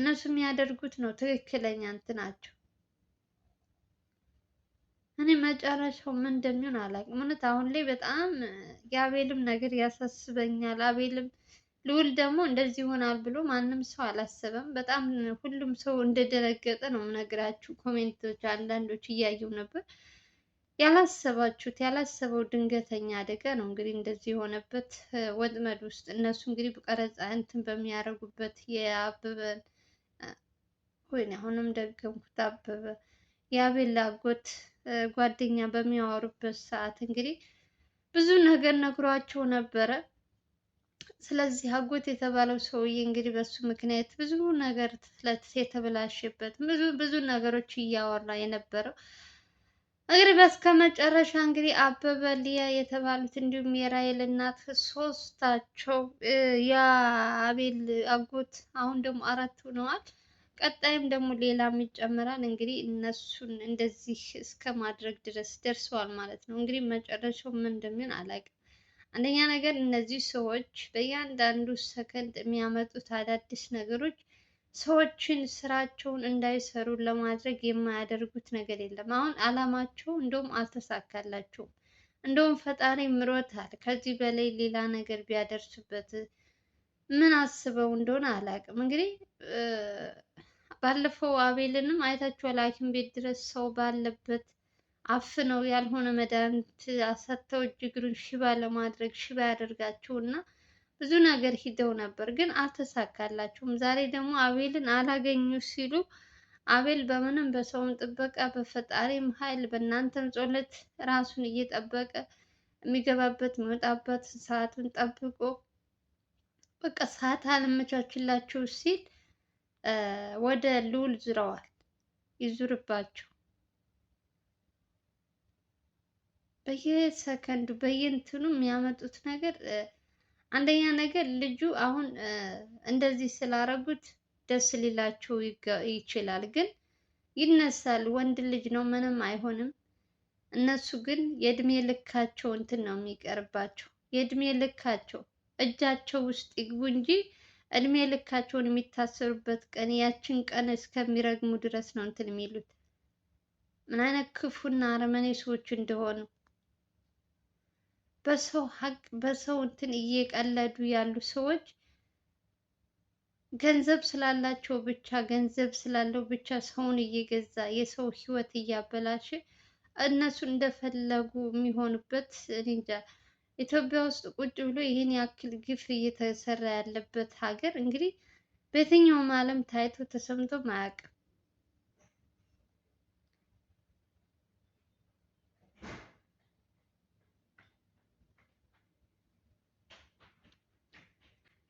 እነሱ የሚያደርጉት ነው ትክክለኛ እንትናቸው። እኔ መጨረሻው ምን እንደሚሆን አላውቅም። እውነት አሁን ላይ በጣም የአቤልም ነገር ያሳስበኛል። አቤልም ልውል ደግሞ እንደዚህ ይሆናል ብሎ ማንም ሰው አላሰበም። በጣም ሁሉም ሰው እንደደነገጠ ነው የምነግራችሁ። ኮሜንቶች አንዳንዶች እያየው ነበር። ያላሰባችሁት ያላሰበው ድንገተኛ አደጋ ነው እንግዲህ እንደዚህ የሆነበት ወጥመድ ውስጥ እነሱ እንግዲህ ቀረጻ እንትን በሚያደርጉበት የአበበን ወይኔ አሁንም ደገምኩት አበበ የአቤል አጎት ጓደኛ በሚያወሩበት ሰዓት እንግዲህ ብዙ ነገር ነግሯቸው ነበረ። ስለዚህ አጎት የተባለው ሰውዬ እንግዲህ በሱ ምክንያት ብዙ ነገር የተበላሸበት ብዙ ብዙ ነገሮች እያወራ የነበረው እንግዲህ በስከ መጨረሻ እንግዲህ አበበ ሊያ የተባሉት እንዲሁም የራይል እናት ሶስታቸው የአቤል አጎት አሁን ደግሞ አራት ሆነዋል። ቀጣይም ደግሞ ሌላም ይጨምራል። እንግዲህ እነሱን እንደዚህ እስከ ማድረግ ድረስ ደርሰዋል ማለት ነው። እንግዲህ መጨረሻው ምን እንደሚሆን አላውቅም። አንደኛ ነገር እነዚህ ሰዎች በእያንዳንዱ ሰከንድ የሚያመጡት አዳዲስ ነገሮች ሰዎችን ስራቸውን እንዳይሰሩ ለማድረግ የማያደርጉት ነገር የለም። አሁን አላማቸው እንደውም አልተሳካላቸውም። እንደውም ፈጣሪ ምሮታል። ከዚህ በላይ ሌላ ነገር ቢያደርሱበት ምን አስበው እንደሆነ አላውቅም እንግዲህ ባለፈው አቤልንም አይታችኋል። ሐኪም ቤት ድረስ ሰው ባለበት አፍነው ያልሆነ መድኃኒት አሰጥተው እጅግሩን ሽባ ለማድረግ ሽባ ያደርጋቸው እና ብዙ ነገር ሂደው ነበር፣ ግን አልተሳካላቸውም። ዛሬ ደግሞ አቤልን አላገኙ ሲሉ አቤል በምንም በሰውም ጥበቃ በፈጣሪም ኃይል በእናንተም ጸሎት ራሱን እየጠበቀ የሚገባበት የሚወጣበት ሰዓቱን ጠብቆ በቃ ሰዓት አልመቻችላችሁ ሲል ወደ ልዑል ዙረዋል። ይዙርባቸው። በየሰከንዱ በየእንትኑ የሚያመጡት ነገር አንደኛ ነገር ልጁ አሁን እንደዚህ ስላረጉት ደስ ሊላቸው ይችላል፣ ግን ይነሳል። ወንድ ልጅ ነው፣ ምንም አይሆንም። እነሱ ግን የእድሜ ልካቸው እንትን ነው የሚቀርባቸው። የእድሜ ልካቸው እጃቸው ውስጥ ይግቡ እንጂ እድሜ ልካቸውን የሚታሰሩበት ቀን ያችን ቀን እስከሚረግሙ ድረስ ነው እንትን የሚሉት። ምን አይነት ክፉና አረመኔ ሰዎች እንደሆኑ በሰው ሀቅ በሰው እንትን እየቀለዱ ያሉ ሰዎች ገንዘብ ስላላቸው ብቻ ገንዘብ ስላለው ብቻ ሰውን እየገዛ የሰው ህይወት እያበላሸ እነሱ እንደፈለጉ የሚሆኑበት እንጃ። ኢትዮጵያ ውስጥ ቁጭ ብሎ ይህን ያክል ግፍ እየተሰራ ያለበት ሀገር እንግዲህ በየትኛውም ዓለም ታይቶ ተሰምቶ አያውቅም።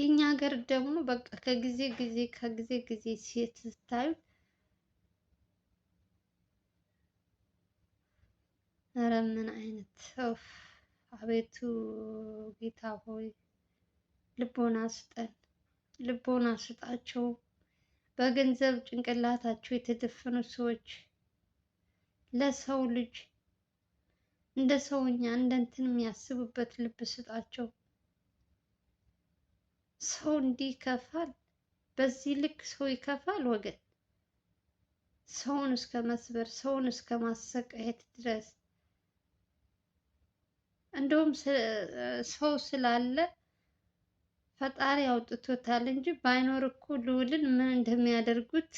የኛ ሀገር ደግሞ በቃ ከጊዜ ጊዜ ከጊዜ ጊዜ ሴት ስታዩት ኧረ ምን አይነት አቤቱ ጌታ ሆይ ልቦና ስጠን፣ ልቦና ስጣቸው። በገንዘብ ጭንቅላታቸው የተደፈኑ ሰዎች ለሰው ልጅ እንደ ሰውኛ እንደ እንትን የሚያስቡበት ልብ ስጣቸው። ሰው እንዲህ ይከፋል። በዚህ ልክ ሰው ይከፋል ወገን። ሰውን እስከ መስበር፣ ሰውን እስከ ማሰቃየት ድረስ እንደውም ሰው ስላለ ፈጣሪ አውጥቶታል እንጂ ባይኖር እኮ ልዑልን ምን እንደሚያደርጉት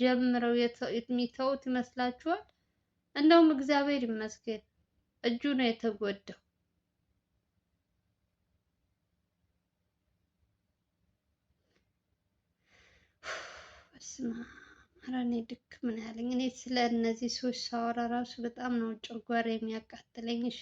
ጀምረው የሚተውት ይመስላችኋል? እንደውም እግዚአብሔር ይመስገን እጁ ነው የተጎዳው። ስማ ኧረ እኔ ድክም ያለኝ። እኔ ስለ እነዚህ ሰዎች ሳወራ ራሱ በጣም ነው ጨጓራ የሚያቃጥለኝ። እሺ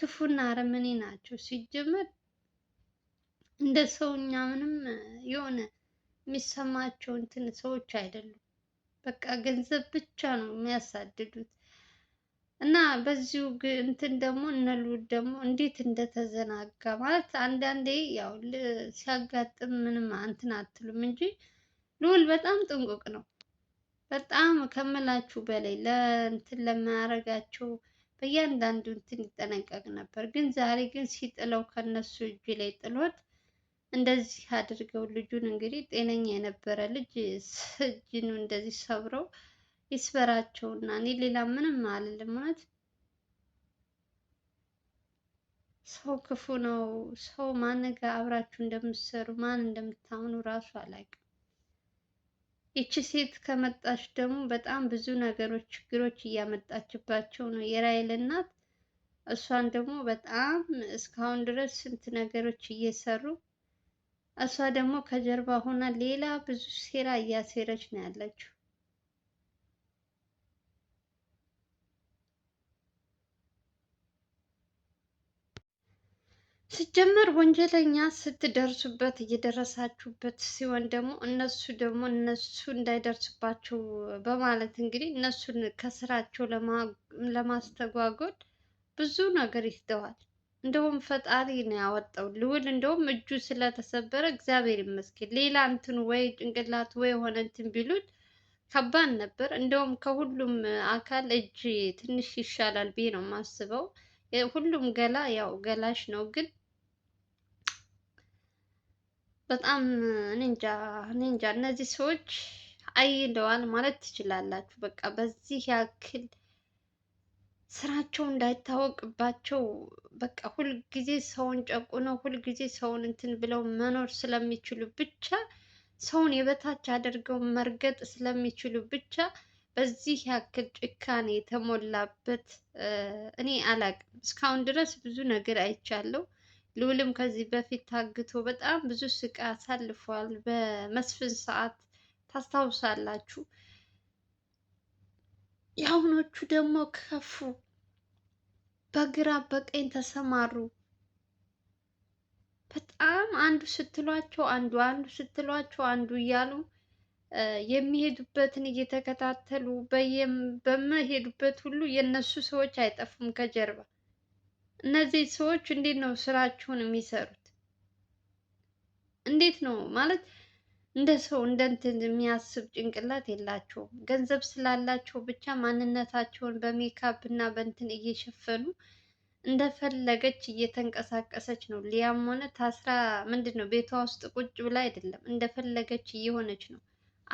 ክፉና አረመኔ ናቸው። ሲጀመር እንደ እኛ ምንም የሆነ የሚሰማቸው እንትን ሰዎች አይደሉም። በቃ ገንዘብ ብቻ ነው የሚያሳድዱት። እና በዚሁ እንትን ደግሞ እነሉድ ደግሞ እንዴት እንደተዘናጋ ማለት አንዳንዴ ያው ሲያጋጥም ምንም እንትን አትሉም እንጂ ልውል በጣም ጥንቁቅ ነው። በጣም ከምላችሁ በላይ ለእንትን ለማያረጋቸው በእያንዳንዱ እንትን ይጠነቀቅ ነበር። ግን ዛሬ ግን ሲጥለው ከነሱ እጅ ላይ ጥሎት እንደዚህ አድርገው ልጁን እንግዲህ ጤነኛ የነበረ ልጅ እጅኑ እንደዚህ ሰብረው ይስበራቸውና እኔ ሌላ ምንም አልልም። እውነት ሰው ክፉ ነው። ሰው ማን ጋር አብራችሁ እንደምትሰሩ ማን እንደምታምኑ ራሱ አላውቅም። ይቺ ሴት ከመጣች ደግሞ በጣም ብዙ ነገሮች ችግሮች እያመጣችባቸው ነው። የራይል እናት እሷን ደግሞ በጣም እስካሁን ድረስ ስንት ነገሮች እየሰሩ እሷ ደግሞ ከጀርባ ሆና ሌላ ብዙ ሴራ እያሴረች ነው ያለችው። ሲጀመር ወንጀለኛ ስትደርሱበት እየደረሳችሁበት ሲሆን ደግሞ እነሱ ደግሞ እነሱ እንዳይደርስባቸው በማለት እንግዲህ እነሱን ከስራቸው ለማስተጓጎል ብዙ ነገር ይስተዋል። እንደውም ፈጣሪ ነው ያወጣው። ልውል እንደውም እጁ ስለተሰበረ እግዚአብሔር ይመስገን። ሌላ እንትን ወይ ጭንቅላት ወይ የሆነ እንትን ቢሉት ከባድ ነበር። እንደውም ከሁሉም አካል እጅ ትንሽ ይሻላል ብዬ ነው የማስበው። ሁሉም ገላ ያው ገላሽ ነው ግን በጣም ኒንጃ ኒንጃ እነዚህ ሰዎች አይለዋል ማለት ትችላላችሁ። በቃ በዚህ ያክል ስራቸው እንዳይታወቅባቸው በቃ ሁልጊዜ ሰውን ጨቁነው ሁልጊዜ ሰውን እንትን ብለው መኖር ስለሚችሉ ብቻ ሰውን የበታች አድርገው መርገጥ ስለሚችሉ ብቻ በዚህ ያክል ጭካኔ የተሞላበት እኔ አላቅም። እስካሁን ድረስ ብዙ ነገር አይቻለሁ። ልዑልም ከዚህ በፊት ታግቶ በጣም ብዙ ስቃይ አሳልፏል። በመስፍን ሰዓት ታስታውሳላችሁ። የአሁኖቹ ደግሞ ከፉ፣ በግራ በቀኝ ተሰማሩ። በጣም አንዱ ስትሏቸው አንዱ አንዱ ስትሏቸው አንዱ እያሉ የሚሄዱበትን እየተከታተሉ በየም በመሄዱበት ሁሉ የእነሱ ሰዎች አይጠፉም ከጀርባ እነዚህ ሰዎች እንዴት ነው ስራቸውን የሚሰሩት? እንዴት ነው ማለት እንደ ሰው እንደ እንትን የሚያስብ ጭንቅላት የላቸውም። ገንዘብ ስላላቸው ብቻ ማንነታቸውን በሜካፕ እና በእንትን እየሸፈኑ እንደፈለገች እየተንቀሳቀሰች ነው። ሊያም ሆነ ታስራ ምንድን ነው ቤቷ ውስጥ ቁጭ ብላ አይደለም፣ እንደፈለገች እየሆነች ነው።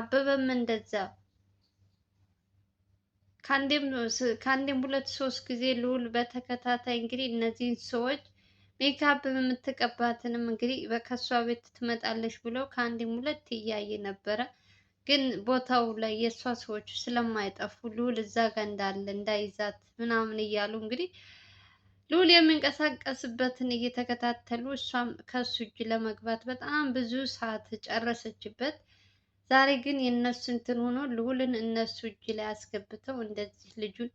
አበበም እንደዛ ከአንዴም ሁለት ሶስት ጊዜ ልዑል በተከታታይ እንግዲህ እነዚህን ሰዎች ሜካፕ የምትቀባትንም እንግዲህ ከእሷ ቤት ትመጣለች ብለው ከአንዴም ሁለት እያየ ነበረ። ግን ቦታው ላይ የእሷ ሰዎች ስለማይጠፉ ልዑል እዛ ጋር እንዳለ እንዳይዛት ምናምን እያሉ እንግዲህ ልዑል የሚንቀሳቀስበትን እየተከታተሉ እሷም ከሱ እጅ ለመግባት በጣም ብዙ ሰዓት ጨረሰችበት። ዛሬ ግን የእነሱ እንትን ሆኖ ልዑልን እነሱ እጅ ላይ አስገብተው እንደዚህ ልጁን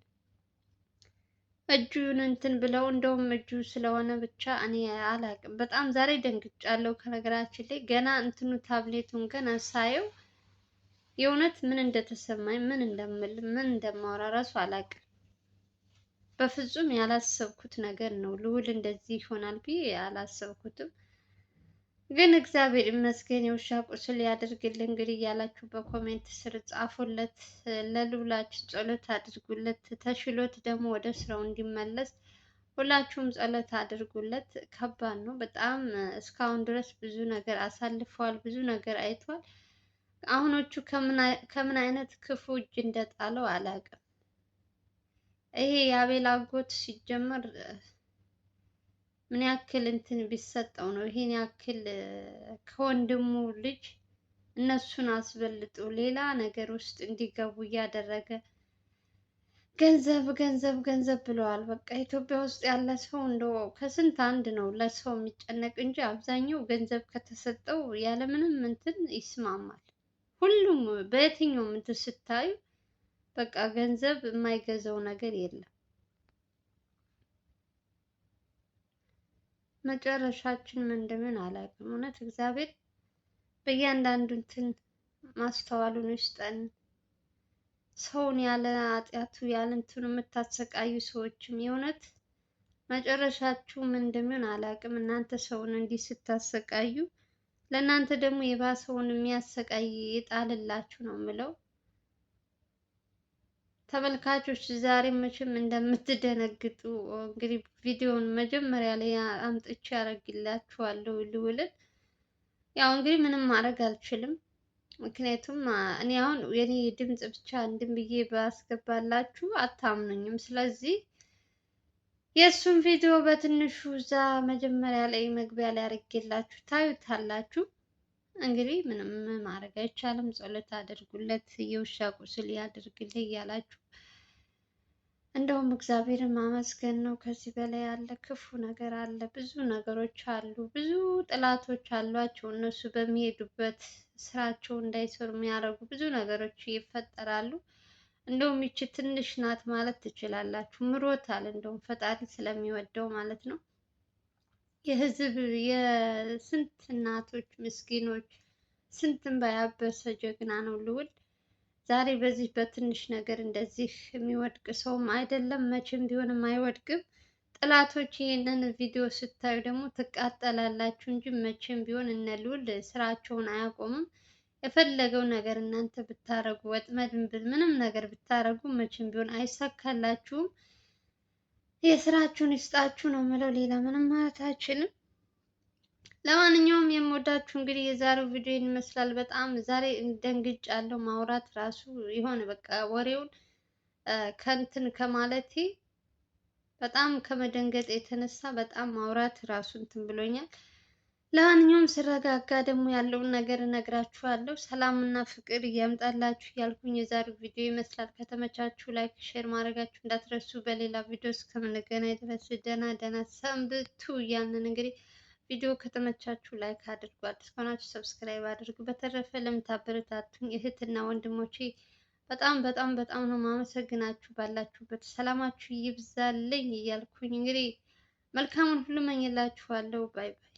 እጁን እንትን ብለው እንደውም እጁ ስለሆነ ብቻ እኔ አላቅም። በጣም ዛሬ ደንግጫለሁ። ከነገራችን ላይ ገና እንትኑ ታብሌቱን ገና ሳየው የእውነት ምን እንደተሰማኝ ምን እንደምል ምን እንደማወራ ራሱ አላቅም። በፍጹም ያላሰብኩት ነገር ነው። ልዑል እንደዚህ ይሆናል ብዬ አላሰብኩትም። ግን እግዚአብሔር ይመስገን የውሻ ቁስል ያደርግልን። እንግዲህ እያላችሁ በኮሜንት ስር ጻፉለት። ለልዑላችን ጸሎት አድርጉለት። ተሽሎት ደግሞ ወደ ስራው እንዲመለስ ሁላችሁም ጸሎት አድርጉለት። ከባድ ነው በጣም እስካሁን ድረስ ብዙ ነገር አሳልፈዋል፣ ብዙ ነገር አይቷል። አሁኖቹ ከምን አይነት ክፉ እጅ እንደጣለው አላውቅም። ይሄ የአቤል አጎት ሲጀመር ምን ያክል እንትን ቢሰጠው ነው? ይሄን ያክል ከወንድሙ ልጅ እነሱን አስበልጦ ሌላ ነገር ውስጥ እንዲገቡ እያደረገ ገንዘብ ገንዘብ ገንዘብ ብለዋል። በቃ ኢትዮጵያ ውስጥ ያለ ሰው እንደ ከስንት አንድ ነው ለሰው የሚጨነቅ እንጂ አብዛኛው ገንዘብ ከተሰጠው ያለምንም እንትን ይስማማል። ሁሉም በየትኛውም እንትን ስታዩ በቃ ገንዘብ የማይገዛው ነገር የለም። መጨረሻችን ምን እንደሚሆን አላውቅም። እውነት እግዚአብሔር በእያንዳንዱ እንትን ማስተዋሉን ይስጠን። ሰውን ያለ አጥያቱ ያለ እንትኑ የምታሰቃዩ ሰዎችም የእውነት መጨረሻችሁ ምን እንደሚሆን አላውቅም። እናንተ ሰውን እንዲህ ስታሰቃዩ፣ ለእናንተ ደግሞ የባሰውን የሚያሰቃይ የጣልላችሁ ነው የምለው። ተመልካቾች ዛሬ መቼም እንደምትደነግጡ እንግዲህ ቪዲዮውን መጀመሪያ ላይ አምጥቼ ያደርግላችኋለሁ ልውልን። ያው እንግዲህ ምንም ማድረግ አልችልም፣ ምክንያቱም እኔ አሁን የኔ ድምፅ ብቻ እንድም ብዬ ባስገባላችሁ አታምኑኝም። ስለዚህ የእሱን ቪዲዮ በትንሹ እዛ መጀመሪያ ላይ መግቢያ ላይ አድርጌላችሁ ታዩታላችሁ። እንግዲህ ምንም ማድረግ አይቻልም። ጸሎት አድርጉለት፣ የውሻ ቁስል ያድርግልህ እያላችሁ እንደውም እግዚአብሔርን ማመስገን ነው። ከዚህ በላይ ያለ ክፉ ነገር አለ፣ ብዙ ነገሮች አሉ፣ ብዙ ጥላቶች አሏቸው። እነሱ በሚሄዱበት ስራቸው እንዳይሰሩ የሚያደርጉ ብዙ ነገሮች ይፈጠራሉ። እንደውም ይቺ ትንሽ ናት ማለት ትችላላችሁ። ምሮታል፣ እንደውም ፈጣሪ ስለሚወደው ማለት ነው። የህዝብ የስንት እናቶች ምስኪኖች ስንትን ባያበሰ ጀግና ነው ልውል። ዛሬ በዚህ በትንሽ ነገር እንደዚህ የሚወድቅ ሰውም አይደለም፣ መቼም ቢሆንም አይወድቅም። ጥላቶች ይህንን ቪዲዮ ስታዩ ደግሞ ትቃጠላላችሁ እንጂ መቼም ቢሆን እነ ስራቸውን አያቆምም የፈለገው ነገር እናንተ ብታረጉ፣ ወጥመድ ምንም ነገር ብታረጉ መቼም ቢሆን አይሳካላችሁም። የስራችሁን ይስጣችሁ ነው የምለው። ሌላ ምንም ማለት አይችልም። ለማንኛውም የምወዳችሁ እንግዲህ የዛሬው ቪዲዮ ይመስላል። በጣም ዛሬ ደንግጫለሁ። ማውራት ራሱ የሆነ በቃ ወሬውን ከንትን ከማለቴ በጣም ከመደንገጥ የተነሳ በጣም ማውራት ራሱ እንትን ብሎኛል። ለማንኛውም ስረጋጋ ደግሞ ያለውን ነገር እነግራችኋለሁ። ሰላም እና ፍቅር እያምጣላችሁ እያልኩኝ የዛሬው ቪዲዮ ይመስላል። ከተመቻችሁ ላይክ፣ ሼር ማድረጋችሁ እንዳትረሱ። በሌላ ቪዲዮ እስከምንገናኝ ድረስ ደህና ደህና ሰንብቱ። እያንን እንግዲህ ቪዲዮ ከተመቻችሁ ላይክ አድርጉ፣ አዲስ ከሆናችሁ ሰብስክራይብ አድርጉ። በተረፈ ለምታበረታቱኝ እህትና ወንድሞቼ በጣም በጣም በጣም ነው ማመሰግናችሁ። ባላችሁበት ሰላማችሁ ይብዛልኝ እያልኩኝ እንግዲህ መልካሙን ሁሉ መኝላችኋለሁ። ባይ ባይ።